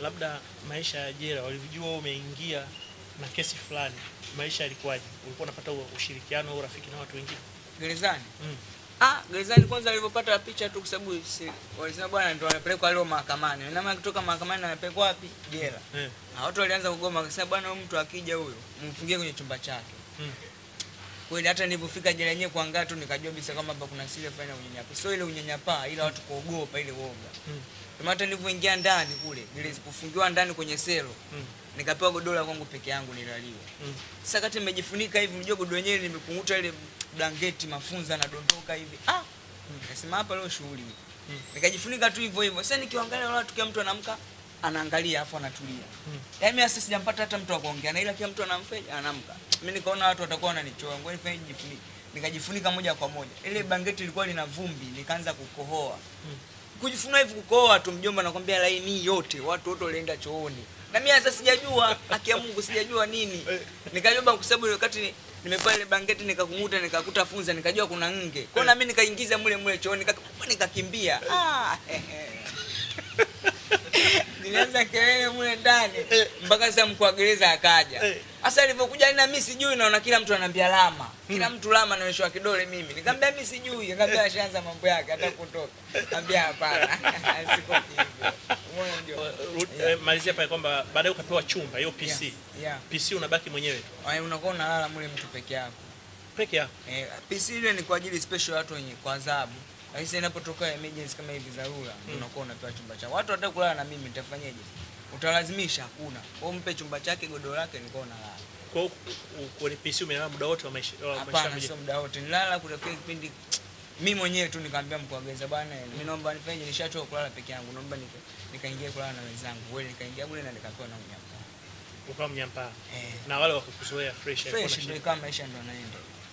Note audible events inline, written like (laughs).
labda maisha ya ajira, walivyojua umeingia na kesi fulani, maisha yalikuwaje? Ulikuwa unapata ushirikiano au urafiki na watu wengine gerezani? Mm. Ah, gerezani kwanza alivyopata picha tu, kwa sababu walisema bwana ndio anapelekwa leo mahakamani. Na maana kutoka mahakamani anapelekwa wapi? Jela. Mm. Na watu walianza kugoma, akasema bwana, huyu mtu akija huyo mfungie kwenye chumba chake. Mm. Kweli hata nilipofika jela yenyewe kuangaa tu nikajua bisa kama hapa kuna siri fulani ya unyanyapaa. Sio ile unyanyapaa ila watu kuogopa ile woga. Mm hata nilipoingia ndani kule nilipofungiwa ndani kwenye selo mm. nikapewa godoro kwangu peke yangu nilaliwa. Mm. Sasa kati nimejifunika hivi, mjogo godoro lenyewe nimekunguta ile blanketi mafunza na dondoka hivi. Ah. Mm. Nasema hapa leo shughuli. Mm. Nikajifunika tu hivyo hivyo. Sasa nikiangalia wala tukio mtu anaamka anaangalia afu anatulia. Mm. Yaani mimi sijampata hata mtu wa kuongea na ila kila mtu anamfeja anaamka. Mimi nikaona watu watakuwa wananichoa, ngoja fanye nijifunike. Nikajifunika moja kwa moja. Ile blanketi ilikuwa lina vumbi, nikaanza kukohoa. Mm kujifunua hivi kukoa tu, mjomba, nakwambia laini yote watu wote walienda chooni, na mimi sasa sijajua, haki ya Mungu sijajua nini. Eh. Nikajomba kwa sababu wakati nimepaa ile blanketi nikakumuta nikakuta funza, nikajua kuna nge kwao, na mimi nikaingiza mule mule chooni, nikakimbia ah, nilianza kelele mule ndani eh. mpaka sasa mkuu wa gereza akaja. Eh. Sasa nilipokuja nina mimi sijui, naona kila mtu ananiambia lama, hmm. kila mtu lama, naonyeshwa kidole mimi. Nikamwambia mimi sijui, nikamwambia ashaanza mambo yake, hata kutoka nikamwambia hapana, (laughs) siko hivyo. Eh, yeah. Malizia pale kwamba baadaye ukapewa chumba hiyo PC. Yeah. Yeah. PC unabaki mwenyewe tu. Unakuwa unalala mule mtu peke yako. Peke yako. Eh, PC ile ni kwa ajili special watu wenye kwa adhabu. Lakini inapotokea emergency kama hivi dharura, mm. unakuwa unapewa chumba chako. Watu hata kulala na mimi nitafanyaje? Utalazimisha hakuna. Kwa mpe chumba chake godoro lake nilikuwa nalala. Kwa hiyo PC umelala muda wote wa maisha Hapana, sio muda wote. Nilala kutafikia kipindi mimi mwenyewe tu nikamwambia mkuu wa gereza, bwana, mimi naomba nifanye, nishatoka kulala peke yangu, naomba nikaingie kulala na wenzangu. Wewe nikaingia bure na nikakuwa na mnyampa. Ukawa mnyampa. Eh. Na wale wakukuzoea fresh. Fresh ndio kama maisha ndio naenda.